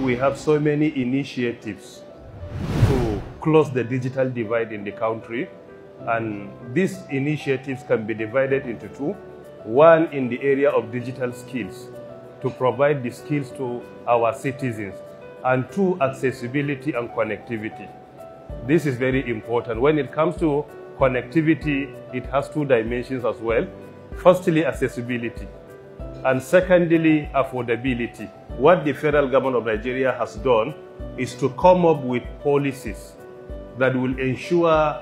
we have so many initiatives to close the digital divide in the country. And these initiatives can be divided into two. One in the area of digital skills, to provide the skills to our citizens. And two, accessibility and connectivity. This is very important. When it comes to connectivity, it has two dimensions as well. Firstly, accessibility. And secondly, affordability. What the federal government of Nigeria has done is to come up with policies that will ensure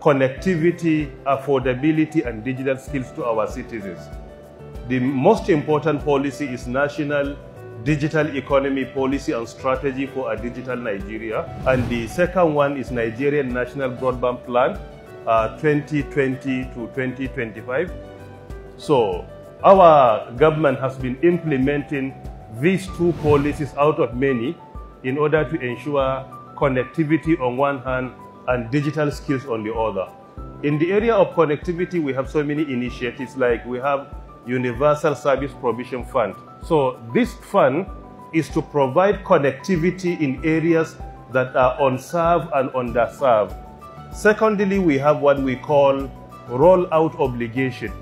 connectivity, affordability, and digital skills to our citizens. The most important policy is national digital economy policy and strategy for a digital Nigeria. And the second one is Nigerian National Broadband Plan uh, 2020 to 2025. So our government has been implementing these two policies out of many in order to ensure connectivity on one hand and digital skills on the other. In the area of connectivity, we have so many initiatives like we have Universal Service Provision Fund. So this fund is to provide connectivity in areas that are unserved and underserved. Secondly, we have what we call rollout obligation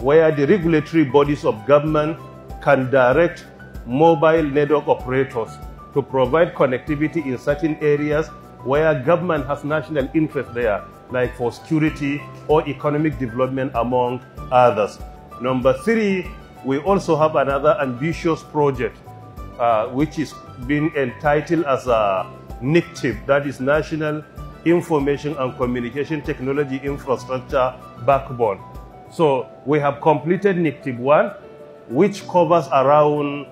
where the regulatory bodies of government can direct mobile network operators to provide connectivity in certain areas where government has national interest there, like for security or economic development, among others. Number three, we also have another ambitious project, uh, which is being entitled as a NICTIP, that is National Information and Communication Technology Infrastructure Backbone. So we have completed NICTIB 1, which covers around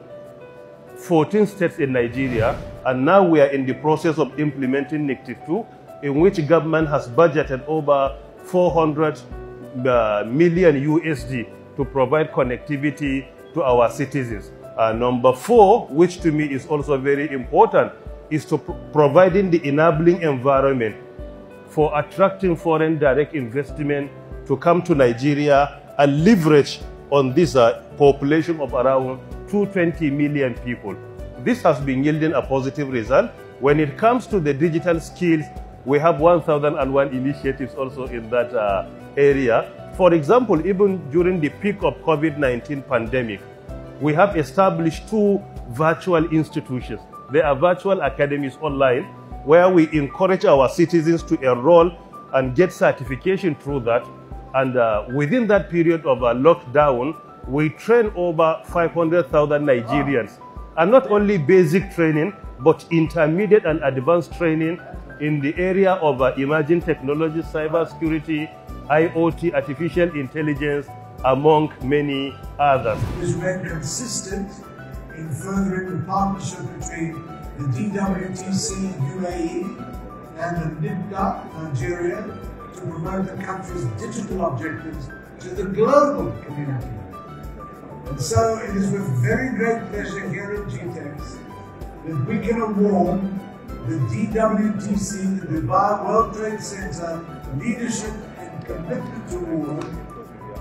14 states in Nigeria, and now we are in the process of implementing NICTIB 2, in which government has budgeted over 400 uh, million USD to provide connectivity to our citizens. Uh, number four, which to me is also very important, is to providing the enabling environment for attracting foreign direct investment to come to Nigeria and leverage on this uh, population of around 220 million people. This has been yielding a positive result. When it comes to the digital skills, we have 1,001 initiatives also in that uh, area. For example, even during the peak of COVID-19 pandemic, we have established two virtual institutions. They are virtual academies online where we encourage our citizens to enroll and get certification through that and uh, within that period of uh, lockdown, we train over 500,000 Nigerians. Wow. And not only basic training, but intermediate and advanced training in the area of uh, emerging technology, cybersecurity, IoT, artificial intelligence, among many others. This we consistent in furthering the partnership between the DWTC UAE and the NIDDA Nigeria to promote the country's digital objectives to the global community. And so it is with very great pleasure here at GTEx that we can award the DWTC, the Dubai World Trade Center Leadership and Commitment Award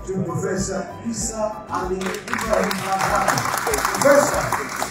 to Professor Isa Ali Ibrahim Professor,